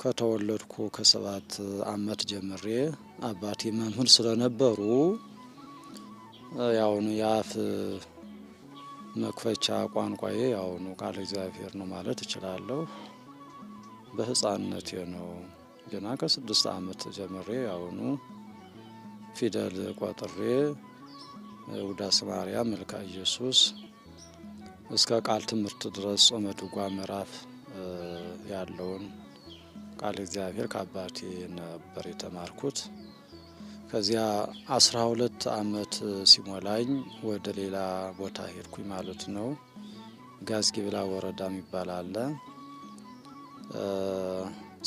ከተወለድኩ ከሰባት አመት ጀምሬ አባቴ መምህር ስለነበሩ ያውኑ የአፍ መክፈቻ ቋንቋዬ ያውኑ ቃለ እግዚአብሔር ነው ማለት እችላለሁ። በህፃንነቴ ነው ገና ከስድስት አመት ጀምሬ ያውኑ ፊደል ቆጥሬ ውዳሴ ማርያም፣ መልካ ኢየሱስ እስከ ቃል ትምህርት ድረስ ጾመ ድጓ ምዕራፍ ያለውን ቃል እግዚአብሔር ከአባቴ ነበር የተማርኩት። ከዚያ አስራ ሁለት አመት ሲሞላኝ ወደ ሌላ ቦታ ሄድኩኝ ማለት ነው። ጋዝጊብላ ወረዳ የሚባል አለ።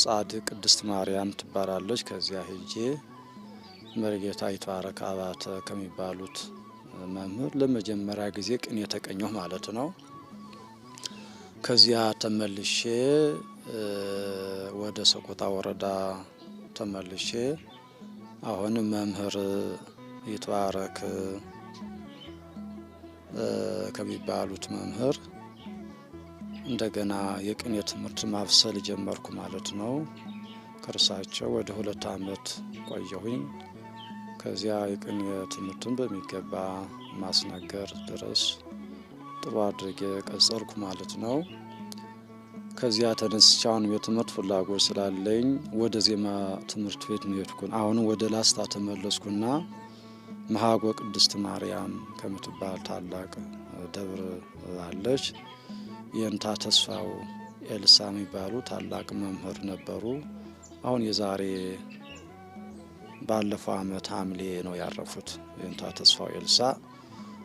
ጻድቅ ቅድስት ማርያም ትባላለች። ከዚያ ሄጄ መርጌታ ይትባረክ አባተ ከሚባሉት መምህር ለመጀመሪያ ጊዜ ቅኔ የተቀኘሁ ማለት ነው። ከዚያ ተመልሼ ወደ ሰቆጣ ወረዳ ተመልሼ አሁን መምህር ይትባረክ ከሚባሉት መምህር እንደገና የቅኔ ትምህርት ማብሰል ጀመርኩ ማለት ነው። ከእርሳቸው ወደ ሁለት ዓመት ቆየሁኝ። ከዚያ የቅኔ ትምህርትን በሚገባ ማስነገር ድረስ ጥሩ አድርጌ ቀጸልኩ ማለት ነው። ከዚያ ተነስቼ አሁንም የትምህርት ፍላጎት ስላለኝ ወደ ዜማ ትምህርት ቤት ነው አሁንም ወደ ላስታ ተመለስኩና መሀጎ ቅድስት ማርያም ከምትባል ታላቅ ደብር አለች። የእንታ ተስፋው ኤልሳ የሚባሉ ታላቅ መምህር ነበሩ። አሁን የዛሬ ባለፈው አመት ሐምሌ ነው ያረፉት የእንታ ተስፋው ኤልሳ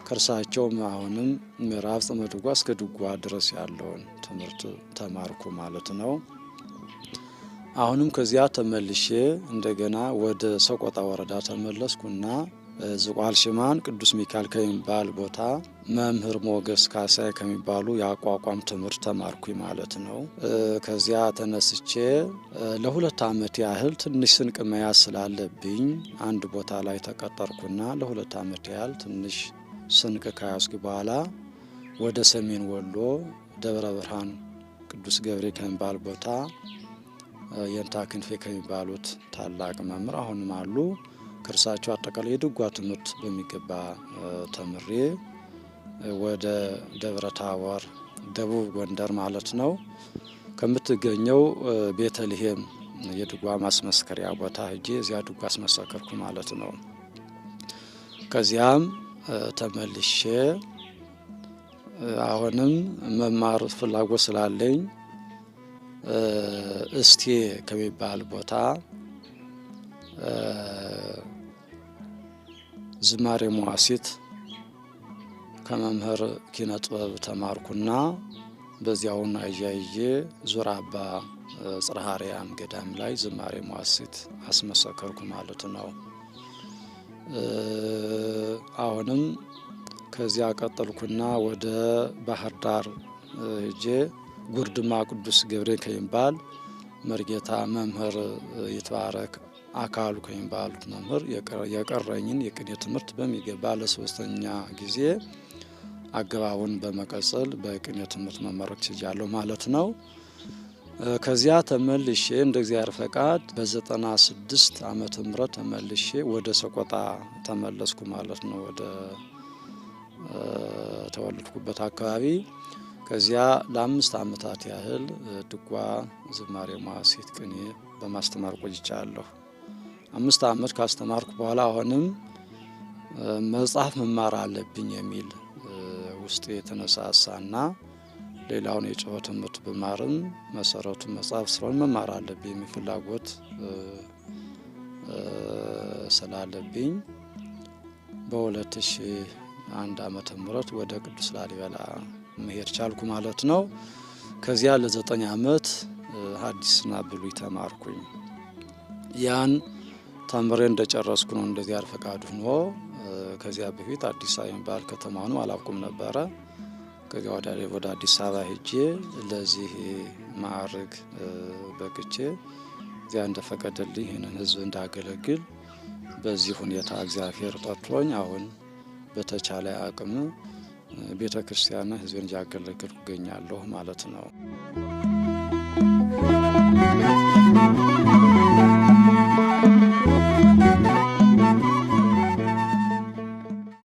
ከእርሳቸውም አሁንም ምዕራፍ ጽመ እስከ ድጓ ድረስ ያለውን ትምህርት ተማርኩ ማለት ነው። አሁንም ከዚያ ተመልሼ እንደገና ወደ ሰቆጣ ወረዳ ተመለስኩና ዝቋል ሽማን ቅዱስ ሚካኤል ከሚባል ቦታ መምህር ሞገስ ካሳይ ከሚባሉ የአቋቋም ትምህርት ተማርኩኝ ማለት ነው። ከዚያ ተነስቼ ለሁለት ዓመት ያህል ትንሽ ስንቅ መያዝ ስላለብኝ አንድ ቦታ ላይ ተቀጠርኩና ለሁለት ዓመት ያህል ትንሽ ስንቅ ከያዝኩ በኋላ ወደ ሰሜን ወሎ ደብረ ብርሃን ቅዱስ ገብሬ ከሚባል ቦታ የንታ ክንፌ ከሚባሉት ታላቅ መምህር አሁንም አሉ። ከእርሳቸው አጠቃላይ የድጓ ትምህርት በሚገባ ተምሬ ወደ ደብረ ታቦር ደቡብ ጎንደር ማለት ነው ከምትገኘው ቤተልሔም የድጓ ማስመስከሪያ ቦታ ሄጄ እዚያ ድጓ አስመሰከርኩ ማለት ነው። ከዚያም ተመልሼ አሁንም መማር ፍላጎት ስላለኝ እስቴ ከሚባል ቦታ ዝማሬ መዋሲት ከመምህር ኪነ ጥበብ ተማርኩና በዚያውን አያይዤ ዙር አባ ጽርሐ ገዳም ላይ ዝማሬ መዋሲት አስመሰከርኩ ማለት ነው። አሁንም ከዚያ ቀጠልኩና ወደ ባህር ዳር ሄጄ ጉርድማ ቅዱስ ገብሬ ከሚባል መርጌታ መምህር ይትባረክ አካሉ ከሚባሉት መምህር የቀረኝን የቅኔ ትምህርት በሚገባ ለሶስተኛ ጊዜ አገባቡን በመቀጸል በቅኔ ትምህርት መመረቅ ችያለሁ ማለት ነው። ከዚያ ተመልሼ እንደ እግዚአብሔር ፈቃድ በ96 ዓመተ ምህረት ተመልሼ ወደ ሰቆጣ ተመለስኩ ማለት ነው። ወደ ተወለድኩበት አካባቢ ከዚያ ለአምስት ዓመታት ያህል ድጓ፣ ዝማሬ፣ መዋሥዕት፣ ቅኔ በማስተማር ቆይቻለሁ። አምስት ዓመት ካስተማርኩ በኋላ አሁንም መጽሐፍ መማር አለብኝ የሚል ውስጥ የተነሳሳና ሌላውን የጨዋ ትምህርት ብማርም መሰረቱን መጽሐፍ ስለሆነ መማር አለብኝ ፍላጎት ስላለብኝ በ2001 ዓመተ ምህረት ወደ ቅዱስ ላሊበላ መሄድ ቻልኩ ማለት ነው። ከዚያ ለዘጠኝ ዓመት ሐዲስና ብሉይ ተማርኩኝ። ያን ተምሬ እንደጨረስኩ ነው እንደዚያ ፈቃድ ሆኖ ከዚያ በፊት አዲስ አበባ የሚባል አላውቁም ነበረ። ከዚያ ወደ አዲስ አበባ ሄጄ ለዚህ ማዕረግ በቅቼ እዚያ እንደፈቀደልኝ ይህንን ህዝብ እንዳገለግል በዚህ ሁኔታ እግዚአብሔር ጠርቶኝ አሁን በተቻለ አቅም ቤተ ክርስቲያን ህዝብን እያገለግል እገኛለሁ ማለት ነው።